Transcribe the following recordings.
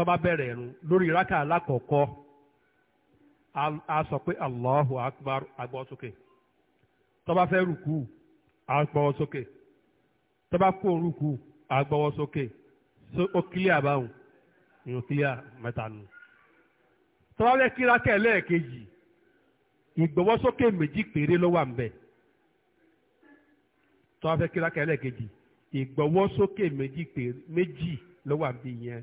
tó bá bẹ̀rẹ̀ ẹ̀rùn lórí ìrákà alákọ̀ọ́kọ́ a sọ pé allahu akbar agbọ́ sókè tó bá fẹ́ rùkú agbọ́wọ́ sókè tó bá kú orúkú agbọ́wọ́ sókè ó kílíà báwọn ìrùn kílíà mẹ́ta nù tó bá fẹ́ kí ìrákà ẹlẹ́ẹ̀kejì ìgbọ́wọ́sókè méjì péré ló wà ń tó bá fẹ́ kí ìrákà ẹlẹ́ẹ̀kejì ìgbọ́wọ́sókè méjì péré méjì ló wà ń yẹn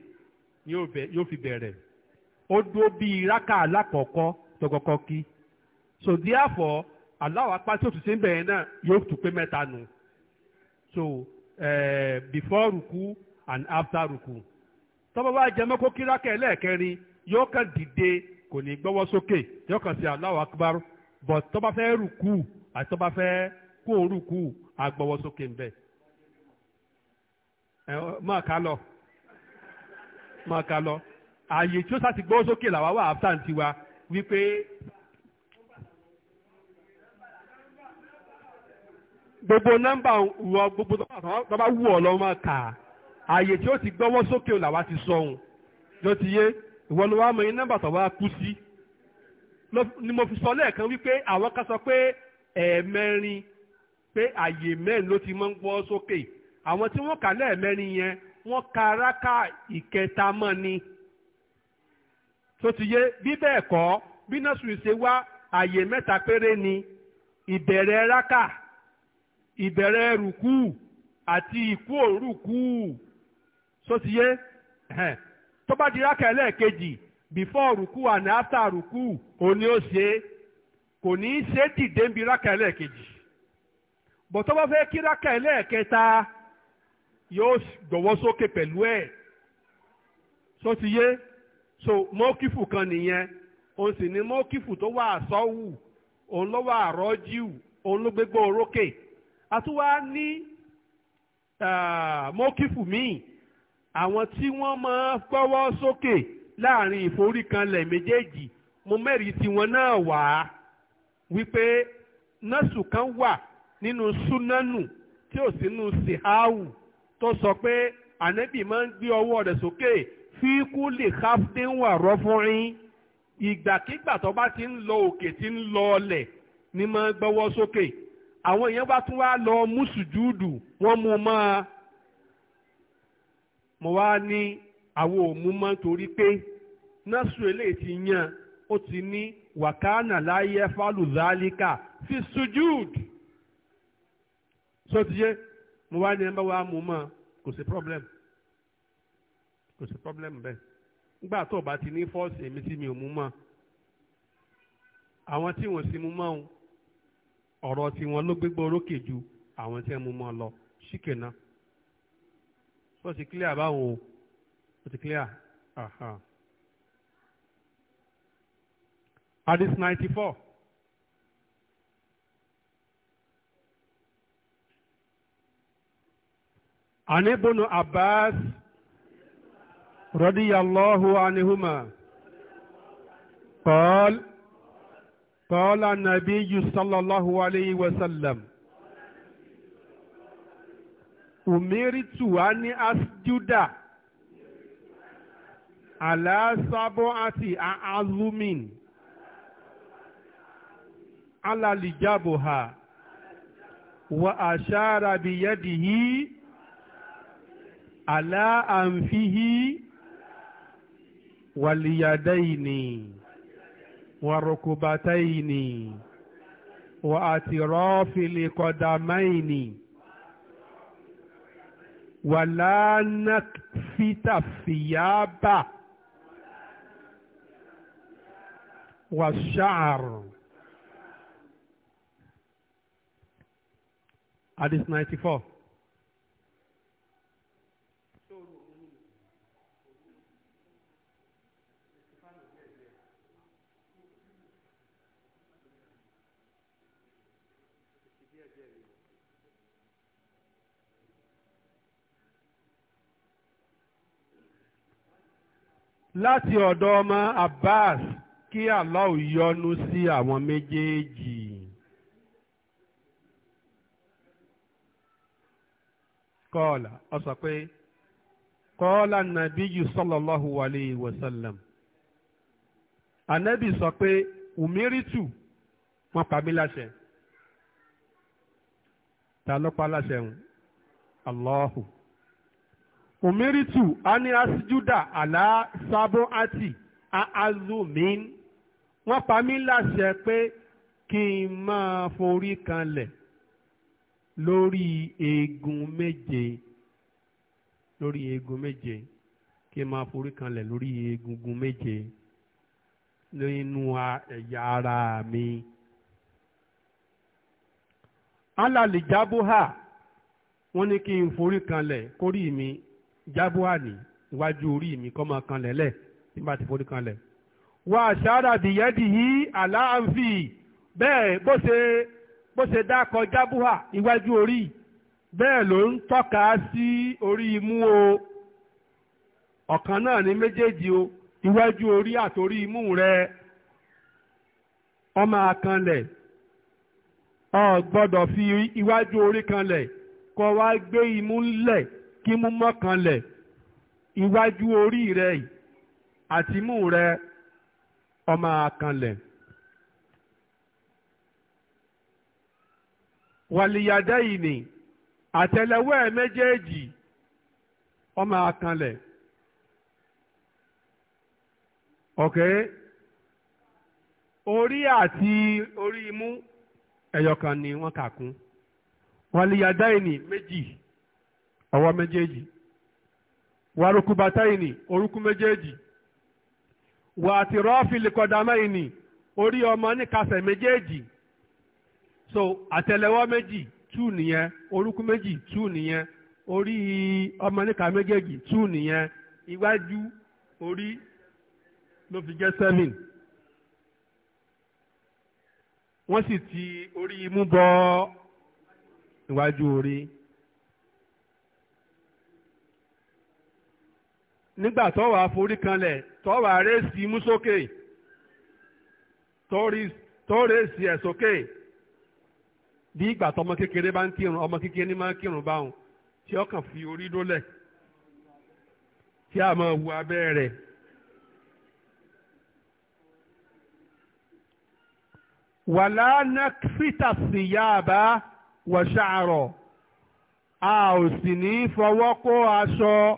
yóò fi bẹ̀rẹ̀ ó dúró bíi rákà alákọ̀ọ́kọ́ tó kí so therefore aláwọ̀ apá tí òtún sí ń bẹ̀rẹ̀ náà yóò tún pé mẹ́ta nù so uh, before ruku and after ruku tọ́ba wa jẹ́ mọ́kó kí rákà ẹlẹ́ẹ̀kẹrin yóò kàn dìde kò ní gbọ́wọ́ sókè yóò kàn sí Allahu akbar but tọ́ba fẹ́ ruku àti tọ́ba fẹ́ kó ruku àgbọ́wọ́ sókè ń bẹ̀ ẹ̀ eh, máa lọ. máa ka lọ ààyè tí ó sàti gbọ́ sókè làwa wà áfíà ti wa wípé. gbogbo nọ́mbà wọ gbogbo tó bá wù ọ́ lọ máa kà á ààyè tí ó ti gbọ́wọ́ sókè làwa ti sọ̀hún ló ti yé ìwọ ló wá mọ iye nọ́mbà tó kú sí ni mo fi sọ lẹ́ẹ̀kan wípé àwọn kan sọ pé ẹ̀ẹ̀mẹrin pé ààyè mẹ́rin ló ti máa ń gbọ́ sókè àwọn tí wọ́n kà lẹ́ẹ̀mẹrin yẹn wọ́n ka raka ìkẹta mọ́ ni tó ti bí bẹ́ẹ̀ kọ́ bí nọ́ọ̀sù ṣe wá àyè mẹ́ta péré ni ìbẹ̀rẹ̀ raka ìbẹ̀rẹ̀ rùkú àti ìkú òrùkú tó ti yé tó bá di rákà ẹlẹ́ẹ̀kejì before rùkú and after rùkú òun ó ṣe kò ní í ṣe dìde ń bi rákà ẹlẹ́ẹ̀kejì bọ̀tọ́ bá fẹ́ kí rákà ẹlẹ́ẹ̀kẹta. yóò gbọ́wọ́ sókè pẹ̀lú ẹ̀ sọ yé so mọ́kífù kan nìyẹn òun sì ni mọ́kífù tó wà sọ́wù òun ló wà rọ́jíù òun ló gbégbó orókè àtúwá ní mọ́kífù míì àwọn tí wọ́n máa gbọ́wọ́ sókè láàrin ìforíkanlẹ̀ méjèèjì mo mẹ́rìí tiwọn náà wá wípé nọ́ọ̀sù kan wà nínú súnánù tí ò sínú sìháwù. Si tó sọ pé ànábì máa ń gbé ọwọ́ rẹ̀ sókè fi kú lè káfíń wà rọ́fúnrin ìgbàkigbà tó bá ti ń lọ òkè tí ń lọ ọlẹ̀ ni máa ń gbọ́wọ́ sókè àwọn èèyàn bá tún wá lọ mú wọ́n mú máa mo wá ní àwọn òmú máa torí pé násù eléyìí ti yan ó ti ní wàkánà láyé fálùzálíkà fi sùjúùdù sọ ti yé mo wá ní ẹnbá wa mú mọ́ kò sí problem kò sí problem bẹ́ẹ̀ nígbà tó o bá ti ní fọ́ọ̀sì èmi tí mi ò mú mọ́ àwọn tí wọ́n sì mú mọ́ òun ọ̀rọ̀ tí ló gbégbó orókè ju àwọn tí wọ́n mú mọ́ lọ ṣìkè náà so ti clear báwọn o o ti clear aha. Hadith ninety four. عن ابن عباس رضي الله عنهما قال قال النبي صلى الله عليه وسلم أمرت أن أسجد على سبعة أعظم على الجبهة وأشار بيده àlá àǹfihì wàlìyàdáìní wàrùkùbàtáìní wà àtìrọ́fìlì kọ̀dàmáìní wàlánàfítàfìyàbà wàṣàr. Hadith 94. láti ọ̀dọ̀ ọmọ Abbas kí Allah yọ́nú sí àwọn méjèèjì. kọ́ọ̀là ọ sọ pé kọ́ọ̀là nàbíyù sallallahu alayhi wa sallam ànábì sọ pé ùmírìtù wọ́n pa mí láṣẹ ta ló pa láṣẹ ń Allahu umiritu ani asijuda ala sabo ati aazumin wọ́n pa mí láṣẹ pé kí n máa forí kanlẹ̀ lórí eegun méje lórí eegun méje kí n máa forí kanlẹ̀ lórí egungun méje nínú ẹ̀yà ara mi. alalijaboha wọ́n ní kí n forí kanlẹ̀ kórìí mi jábúà ní iwájú orí mi kọ́ máa kan lẹ́lẹ̀ tí bá ti forí kan lẹ̀. wà á ṣáàrà bìyẹ́dì yìí àlàáfì bẹ́ẹ̀ bó ṣe bó ṣe dákọ jábúà iwájú orí bẹ́ẹ̀ ló ń tọ́ka sí orí imú o ọ̀kan náà ní méjèèjì o iwájú orí àtòrí imú rẹ ọmọ àkànlẹ̀ o gbọ́dọ̀ fi iwájú orí kanlẹ̀ kó wá gbé imú lẹ̀ kí mú mọ́kànlẹ̀ iwájú orí rẹ̀ àtìmú rẹ̀ ọmọ àkànlẹ̀. wàlìyàdá ìní àtẹlẹwẹ́ méjèèjì ọmọ àkànlẹ̀. okay orí àti orí imú ẹ̀yọ̀kan ni wọ́n kà kún wàlìyàdá ìní méjì. ọwọ́ méjèèjì warukubataini orúnkún méjèèjì wà àti rọ́ọ̀fìlì kọ̀dàmẹ́yìnì orí ọmọ níkasẹ̀ méjèèjì so àtẹlẹwọ́ méjì two nìyẹn orúnkún méjì two nìyẹn orí ọmọ níka méjèèjì two nìyẹn iwájú orí ló fi jẹ́ seven wọ́n sì ti orí imú bọ́ iwájú orí. nígbà tó wàá forí kanlẹ̀ wa wàá rẹ́sì mú sókè tó rẹ́sì ẹ̀ sókè bí ìgbà tó ọmọ kékeré bá ń kírun ọmọ kékeré ní máa ń kírun báwọn tí ó kàn fi orí dólẹ̀ tí a máa wu abẹ́ rẹ̀. wàlá nàkfítà síyáàbá wọ̀ṣàrọ̀ a ò sì ní fọwọ́ kó aṣọ.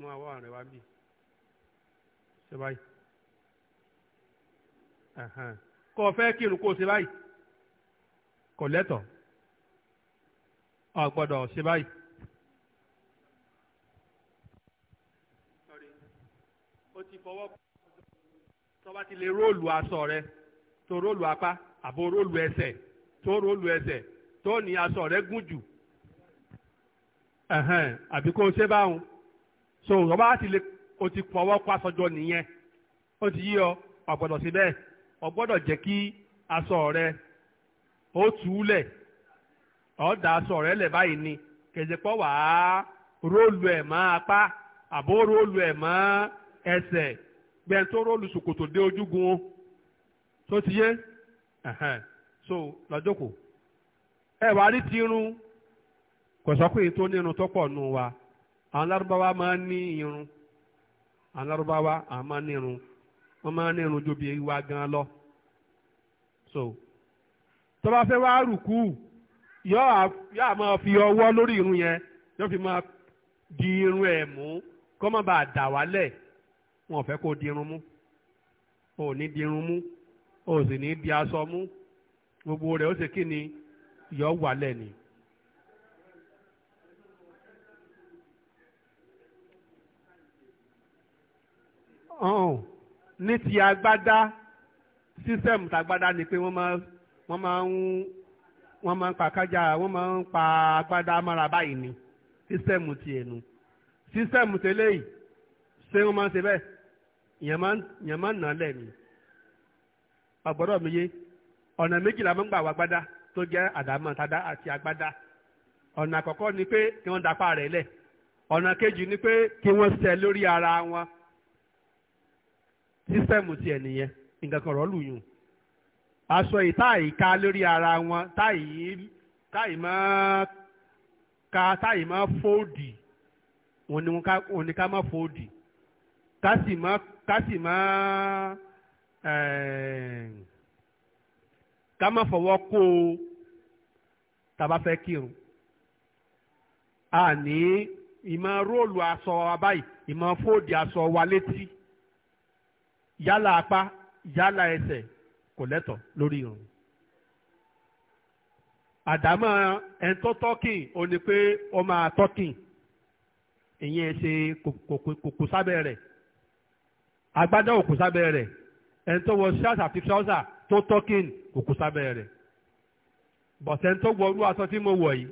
mú àwọ̀ rẹ̀ wá bì ṣe báyìí kò fẹ́ kírun kó ṣe báyìí kò lẹ́tọ̀ọ́ o gbọ́dọ̀ ṣe báyìí. o ti fọwọ́ tó bá ti lè róòlù aṣọ rẹ tó róòlù apá àbò róòlù ẹsẹ̀ tó róòlù ẹsẹ̀ tó ní aṣọ rẹ gùn jù àbí kó ṣe báwọn so ọba ti le o ti pọ̀ ọwọ́ kó aṣọjọ nìyẹn ó ti yí ọ ọ̀gbọ́dọ̀ sí bẹ́ẹ̀ ọ̀gbọ́dọ̀ jẹ́ kí aṣọ rẹ ó túlẹ̀ ọ̀dà aṣọ rẹ lẹ̀ báyìí ni kẹ̀sìpọ̀ wà á róòlù ẹ̀ mọ́ apá àbó róòlù ẹ̀ mọ́ ẹsẹ̀ gbẹ̀ntó róòlù ṣòkòtò dé ojúgun tó ti yé so lọ́jọ́kù ẹ̀ wá rí tirun kò sọ pé ètò nínú tó pọ̀ nù wa. àwọn lárúbáwá máa ń ní irun àwọn lárúbáwá àwọn máa ń ní irun wọ́n máa ní irun jóbi wa gan lọ so tó bá fẹ́ wá rùkú yóò yóò máa fi ọwọ́ lórí irun yẹn yóò fi ma di irun ẹ̀ mú kó má bàa dà wálẹ̀ wọn ò fẹ́ kó di irun mú o ò ní di irun mú o ò sì ní di aṣọ mú gbogbo rẹ̀ ó ṣe kí ni wà wálẹ̀ ni. ọ̀hún ní ti agbádá sísẹ́mù tàgbádá ni pé wọ́n máa wọ́n máa ń wọ́n máa ń pa kájà wọ́n máa ń pa agbádá mára báyìí ni sísẹ́mù ti ẹ̀nu sísẹ́mù tẹ́lẹ̀ yìí ṣé wọ́n máa ń ṣe bẹ́ẹ̀ yẹn máa ń nà lẹ́nu ọ̀gbọ́dọ̀ mi yé ọ̀nà méjì la máa ń gbà wá agbádá tó jẹ́ àdámọ́ tàdá àti agbádá ọ̀nà àkọ́kọ́ ni pé kí wọ́n dapá rẹ̀ lẹ̀ ọ̀nà kejì ni pé kí wọ́n ṣẹ́ lórí ara wọn sísẹ́mù tiẹ̀ nìyẹn nǹkan kan rọ́ọ̀lù yùn aṣọ yìí táyì ká lórí ara wọn táyì táyì mọ́ ká táyì mọ́ fóòdì wọn ni wọn ni ká mọ́ fóòdì ká sì mọ́ ká sì mọ́ fọwọ́ kó o tàbá fẹ́ kírun àní ìmọ̀ róòlù aṣọ wa ìmọ̀ fóòdì aṣọ wa létí yálà apá yálà ẹsẹ̀ kò lẹ́tọ̀ lórí irun àdámọ́ ẹ̀ńtọ́ tọ́kìn ò ní pé ó máa tọ́kìn ìyẹn ṣe kòkò sábẹ́ rẹ̀ agbádá òkú sábẹ́ rẹ̀ ẹ̀ńtọ́ wọ ṣáàṣà àti ṣáàṣà tó tọ́kìn kòkò sábẹ́ rẹ̀ bọ̀sẹ̀ tó wọ orú aṣọ tí mo wọ̀ yìí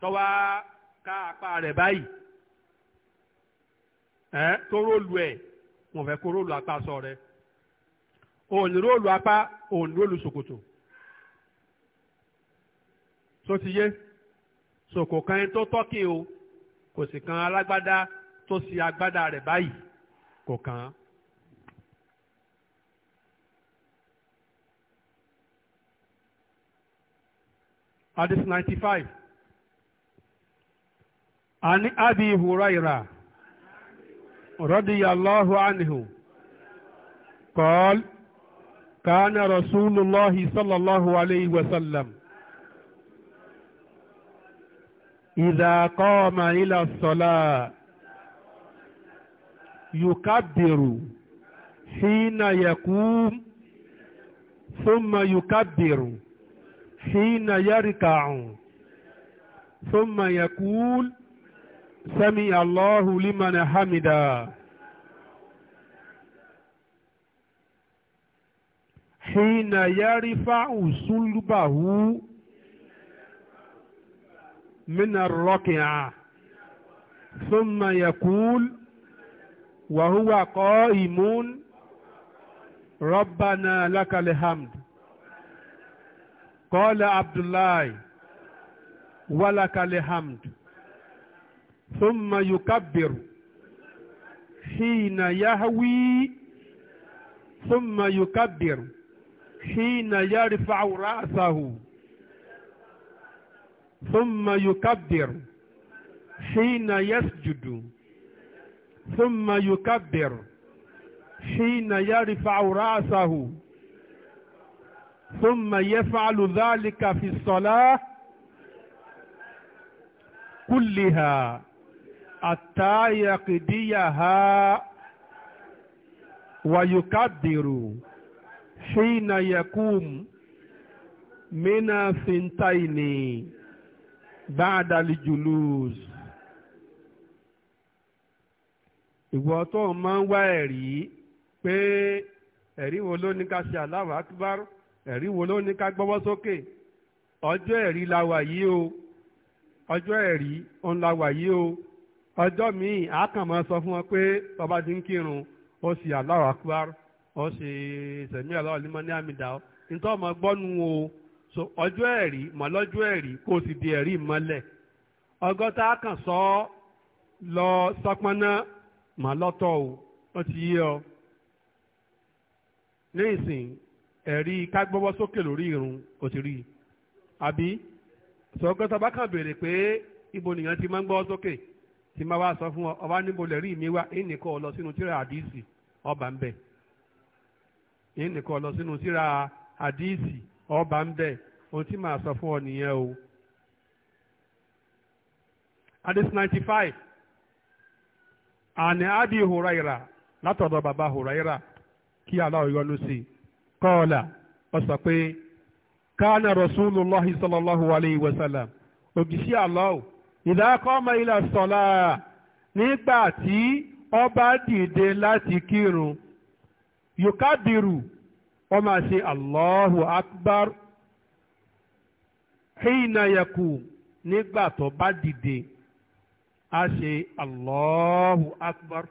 tọ́wá ká apá rẹ̀ báyìí ẹ̀ tó rólù ẹ̀ wọ́n fẹ́ kó róòlù apá sọ rẹ òun ní róòlù apá òun ní róòlù ṣòkòtò tó ti yé ṣòkò kan ẹni tó tọ́kì o kò sì kan alágbádá tó sì agbádá rẹ̀ báyìí kò kàn án. Hadith 95 Ani أبي هريرة رضي الله عنه قال كان رسول الله صلى الله عليه وسلم إذا قام إلى الصلاة يكبر حين يقوم ثم يكبر حين يركع ثم يقول سمع الله لمن حمدا حين يرفع صلبه من الركعة ثم يقول وهو قائم ربنا لك الحمد قال عبد الله ولك الحمد ثم يكبر حين يهوي ثم يكبر حين يرفع رأسه ثم يكبر حين يسجد ثم يكبر حين يرفع رأسه ثم يفعل ذلك في الصلاة كلها àtàyàkìdíyàhá wàyùkàbìrù hìnà yakúm mina fintaini ba'da al ìwọ tó máa ń wá ẹ̀rí pé ẹ̀rí wo ló ní ká ṣe ẹ̀rí wo ló ní ká gbọ́wọ́ ọjọ́ ẹ̀rí la wà yìí o ọjọ́ ẹ̀rí òun la o ọjọ́ míì a kàn sọ fún wọn pé ọba ti ń kírun ó sì Allahu Akbar ó sì sẹ̀mí Allahu liman ní àmìdá nítorí ọmọ gbọ́nu o so ọjọ́ ẹ̀rí mọ̀lọ́jọ́ ẹ̀rí kó o sì di ẹ̀rí mọ́lẹ̀ ọgọ́ta a kàn sọ lọ sọpọ́nà mọ̀lọ́tọ̀ o ó ti yé ọ ní ẹ̀rí kágbọ́wọ́ sókè lórí irun kò sí rí i àbí sọ̀rọ̀ gbọ́dọ̀ bá kàn béèrè pé ibo nìyẹn ti máa ń gbọ́ sókè. So, tí ma wá sọ fún ọ ọba níbo lè rí mi wá ọ lọ sínú tíra àdìsí ọba ń bẹ ìnìkan ọ lọ sínú tíra àdìsí ọba ń bẹ tí ma sọ fún ọ nìyẹn o. Adis 95 Àní Adi Huraira látọ̀dọ̀ bàbá Huraira kí aláwọ̀ sí kọ́ọ̀là sọ pé sallallahu alayhi wa sallam ògìsí ìdákọ́mọ ilẹ̀ sọ̀la nígbà tí ọba dìde láti kírun yukabiru ó máa ṣe allahu akbar hina yakum nígbà tó bá dìde a ṣe allahu akbar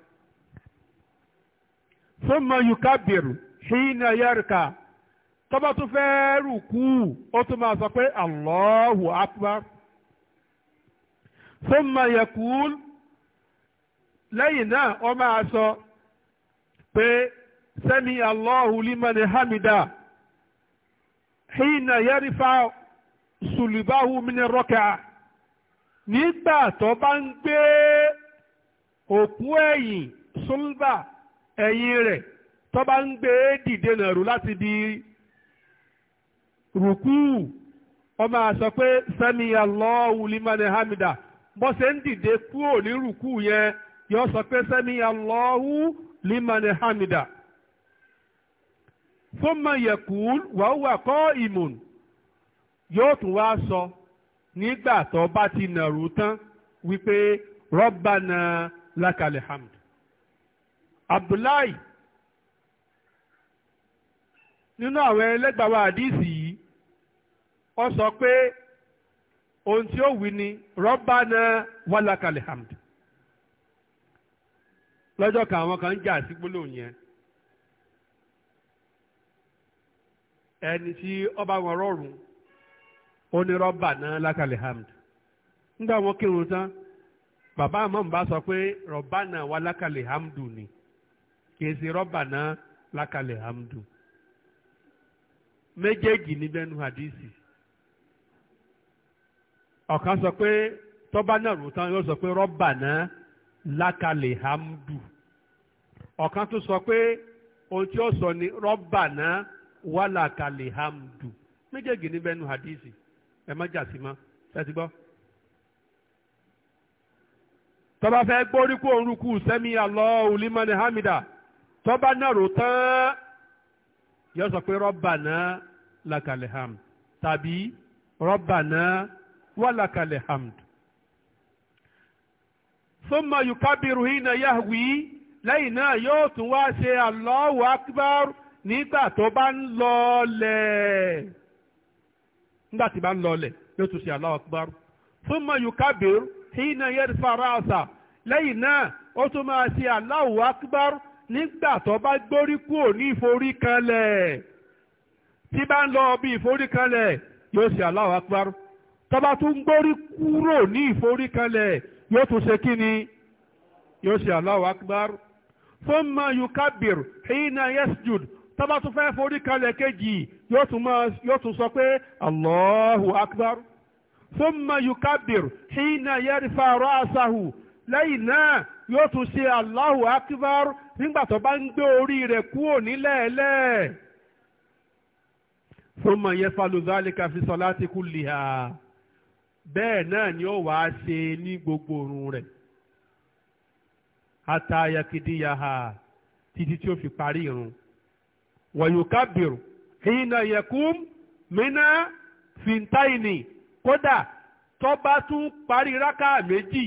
thumma yukabiru hina yarka tó fẹ́ rùkú ó tún máa sọ pé allahu akbar. thumma yakul lẹ́yìn náà ó máa sọ pé sami Allahu liman hamida hina yarifa sùlùbáwù min rọ́kà nígbà tó bá ń gbé òkú ẹ̀yìn sùlùbà ẹ̀yìn rẹ̀ tó bá ń gbé dìde nàró láti di rùkú ó máa sọ pé sami Allahu hamida. bó ṣe ń dìde kúrò ní rùkú yẹn yọ sọ pé sẹ́mi Allahu limani hamida thumma yaqul wa huwa qa'imun yóò tún wá sọ nígbà tó bá ti nàrú tán wípé rabbana lakal hamd abdullahi nínú àwọn ẹlẹ́gbàá wa àdìsí yìí ó sọ pé ohun tí ó wí ni wà wàlákàlẹ̀ hamd lọ́jọ́ kan àwọn kan ń jà sí gbólóhùn yẹn ẹni tí ọba wọn rọrùn ó ní rọ́bánà lákàlẹ̀ hamd nígbà wọn kírun tán bàbá àmọ́n bá sọ pé wà wàlákàlẹ̀ hamd ni kì í ṣe rọ́bánà lákàlẹ̀ hamd méjèèjì ní bẹ́nu hadisi. ọ̀kan sọ pé tọ́ba náà rò tán yóò sọ pé rọ́bà náà lákàlẹ̀ hamdu ọ̀kan tó sọ pé ohun tí ó sọ ni rọ́bà náà wàlàkàlẹ̀ hamdu méjèèjì níbẹ̀ nù Hadizi, ẹ má jà sí mọ́ ẹ ti gbọ́. tọ́ba fẹ́ gbórí kó òun rúkú sẹ́mi Allahu liman hamida tọ́ba náà rò tán yóò sọ pé rọ́bà náà lákàlẹ̀ hamdu tàbí rọ́bà náà. wàlàkàlẹ̀ hamd sọ́mọ yukabiru hina yahwi lẹ́yìn náà yóò tún wá ṣe Allahu akbar nígbà tó bá ń lọlẹ̀ nígbà tí bá ń lọlẹ̀ yóò tún ṣe Allahu akbar sọ́mọ yukabiru hina yarfa ra'sa lẹ́yìn náà ó tún máa ṣe Allahu akbar nígbà tó bá gbórí kúrò ní ìforí kanlẹ̀ tí bá ń lọ bí ìforí kanlẹ̀ yóò ṣe Allahu akbar tọ́ba tún gbórí kúrò ní ìforíkanlẹ̀ yóò tún ṣe kí ni yóò ṣe Allahu akbar thumma yukabir hina yasjud tọ́ba tún fẹ́ foríkanlẹ̀ kejì yóò tún sọ pé Allahu akbar thumma yukabir hina yarfa ra'sahu lẹ́yìn náà yóò tún ṣe Allahu akbar nígbà tó bá ń gbé orí rẹ̀ kúrò nílẹ̀ẹ́lẹ̀. thumma yafalu dhalika fi salati kulliha bẹ́ẹ̀ náà ni ó wàá ṣe ní gbogbo òrùn rẹ̀ atayakidiyaha títí tí ó fi parí irun wọ̀nyùkábìrù hìnà yẹkùm mínà fìntáìní kódà tó bá tún parí rákà méjì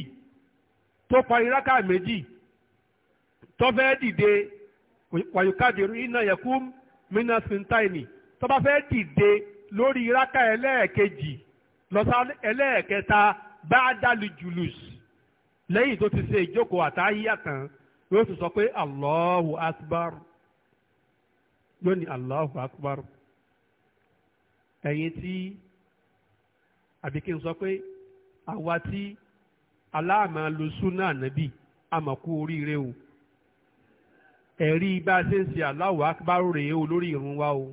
tó parí rákà méjì tó dìde wọ̀nyùkábìrù hìnà yẹkùm mínà fìntáìní tó bá fẹ́ dìde lórí rákà ẹlẹ́ẹ̀kejì lọ́sà ẹlẹ́ẹ̀kẹta bá dálì julus lẹ́yìn tó ti ṣe ìjókòó àtàyíyà tán yóò tún sọ pé allahu akbar yóò ní allahu akbar ẹ̀yin tí àbí kí n sọ pé àwa tí aláàmà lu súnà nàbì àmọ̀kú oríire o ẹ̀rí bá a ṣe ń ṣe allahu akbar rèé o lórí ìrun wa o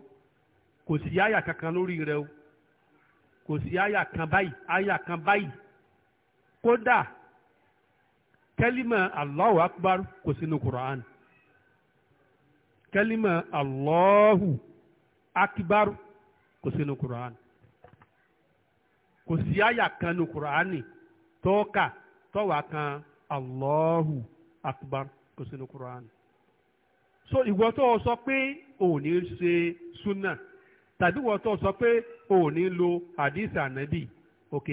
kò sí àyà kankan lórí rẹ o. kò sí àyà kan báyìí àyà kan báyìí kódà kẹ́límà Allahu akbar kò sínú Quran kẹ́límà Allahu akbar kò sínú Quran kò sí àyà kan nínú Quran tọ́ka tọ́wà kan Allahu akbar kò sínú Quran so ìwọ tó sọ pé òun ní ṣe súnà. tàbí wọ́n tó sọ pé o ò ní lo àdìsí ànábì ok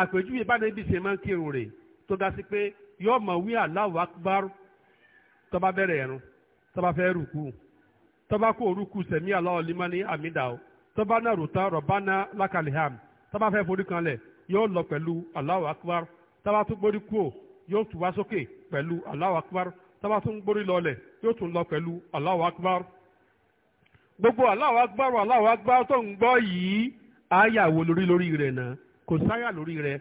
àpèjúwe bánábì ṣe máa ń kírun rẹ̀ tó ga sí pé yóò máa wí Allahu Akbar tó bá bẹ̀rẹ̀ ẹ̀rùn tó bá fẹ́ rùkú tó bá kó orúkú sẹ̀mí Allahu liman amida o tó náà rùtá Rabbana lakal hamd fẹ́ forí kanlẹ̀ yóò lọ pẹ̀lú Allahu Akbar tó gbórí kú o yóò tún wá sókè pẹ̀lú Allahu Akbar tó bá tún gbórí lọlẹ̀ yóò tún lọ pẹ̀lú Allahu Akbar gbogbo aláwọ̀ agbára aláwọ̀ agbára tó ń gbọ́ yìí àyà wo lórí lórí rẹ̀ náà kò sáyà lórí rẹ̀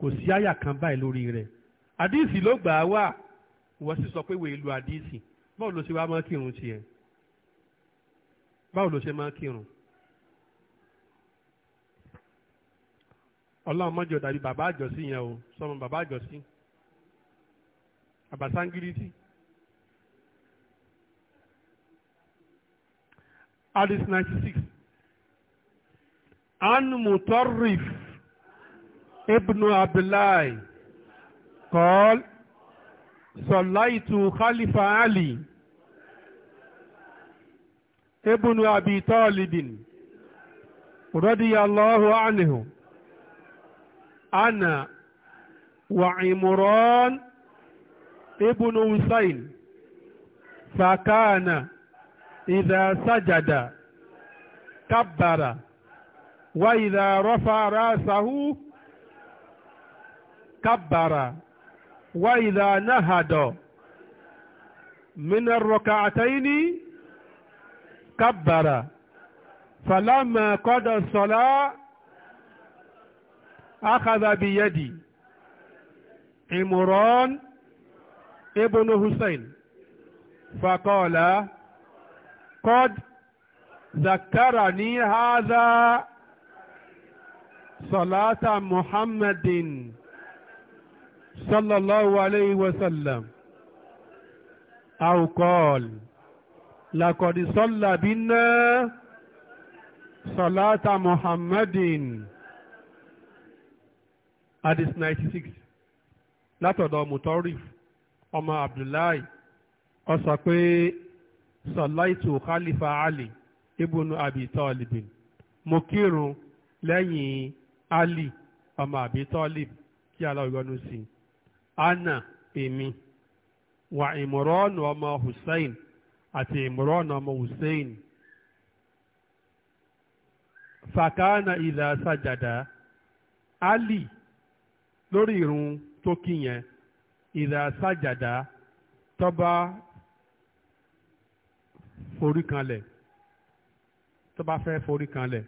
kò sí àyà kan báyìí lórí rẹ̀ àdìsí ló gbà á wà wọ́n sì sọ pé wèé lu àdìsí báwo ló ṣe wá máa kírun tiẹ̀ báwo ló ṣe máa kírun. ọlọ́run mọ́jọ dàbí bàbá àjọsí yẹn o sọmọ bàbá àjọsí àbàsángírí sí. hadith ninety six an mutarrif ibnu abdullahi qala sallaytu khalifa ali ibnu abi talibin radiyallahu anhu ana وعمران ابن حسين فكان إذا سجد كبر وإذا رفع رأسه كبر وإذا نهد من الركعتين كبر فلما قضى الصلاة أخذ بيدي عمران ابن حسين فقال قد ذكرني هذا صلاة محمد صلى الله عليه وسلم أو قال لقد صلى بنا صلاة محمد Hadith 96 لا Mutarif ọmọ أما عبد الله pé sọláìtù khalifa ali ibùnú abi tọ́lìbìn mo kírun lẹ́yìn ali ọmọ abi tọ́lìb kí aláwọ̀ yọ́nú sí ana èmi wà ìmọ̀rọ́nù ọmọ hussein àti ìmọ̀rọ́nù ọmọ hussein fàkánà ìdá sàjàdá ali lórí irun tó kí yẹn ìdá sàjàdá tó forí kanlẹ̀ tó bá fẹ́ forí kanlẹ̀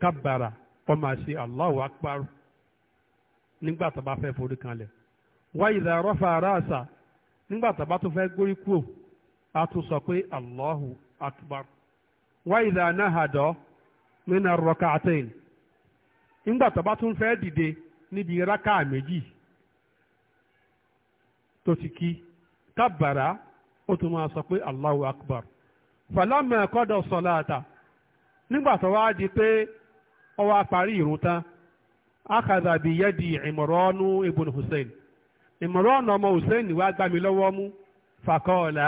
kábàrà kó máa ṣe Allahu akbar nígbà tó bá fẹ́ forí kanlẹ̀ wa idha rafa ra'sa nígbà tó bá tó fẹ́ gbórí kúrò a tún sọ pé Allahu akbar wa idha nahada min ar-rak'atayn nígbà tó bá tún fẹ́ dìde níbi rákà méjì tó ti kí kábàrà. ó tún máa sọ pé Allahu Akbar fàlámà ẹ̀kọ́dọ̀ sọ̀láàtà nígbà tó wá di pé ó wá parí ìrun tán akadà bí yẹ́dì ìmọ̀rọ́nù ibùn Hussein ìmọ̀rọ́nù ọmọ Hussein wá gbá mi lọ́wọ́ mú fàkọ́ọ̀lá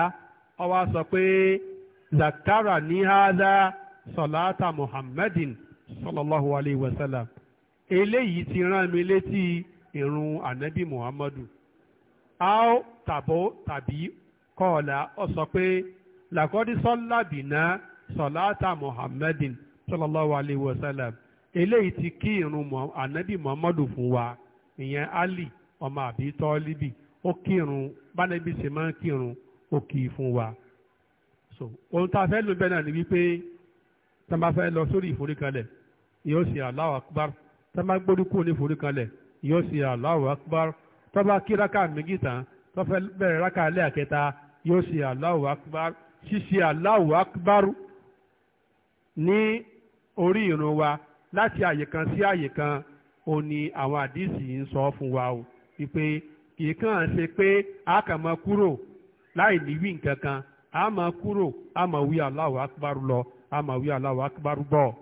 ó sọ pé zakara ní hádà sọ̀láàtà Muhammadin sallallahu alayhi wa sallam eléyìí ti rán mi létí ìrun ànábì Muhammadu ao tàbó tabi. kọ́ọ̀lá ó sọ pé làkọ́dí sọ́lábìnà sọ̀láta muhammadin sallallahu alayhi wa sallam eléyìí ti kí irun ànábì muhammadu fún wa ìyẹn ali ọmọ àbí tọ́líbì ó kírun bánẹ́bí ṣe máa ń kírun ó kì fún wa. so ohun tá a fẹ́ lò bẹ́ẹ̀ náà ni wípé tá a bá fẹ́ lọ sórí ìforíkalẹ̀ yóò ṣe Allahu akbar tá a bá gbórí kúrò ní ìforíkalẹ̀ yóò ṣe Allahu akbar tó bá kí rákà méjì tán tó fẹ́ bẹ̀rẹ̀ rákà lẹ́ẹ̀kẹta yóò ṣe Allahu akbar ṣíṣe Allahu akbar ní orí ìrun wa láti àyè kan sí àyè kan ó ní àwọn àdìsí ń sọ fún wa o wípé kì kàn án ṣe pé a kàn máa kúrò láì ní wí nǹkan kan a máa kúrò a máa wí Allahu akbar lọ a máa wí Allahu akbar bọ̀.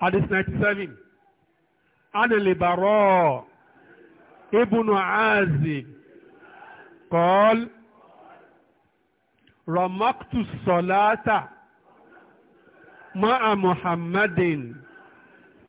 Hadith 97 Anil Barra Ibn Azib قال رمقت الصلاة مع محمد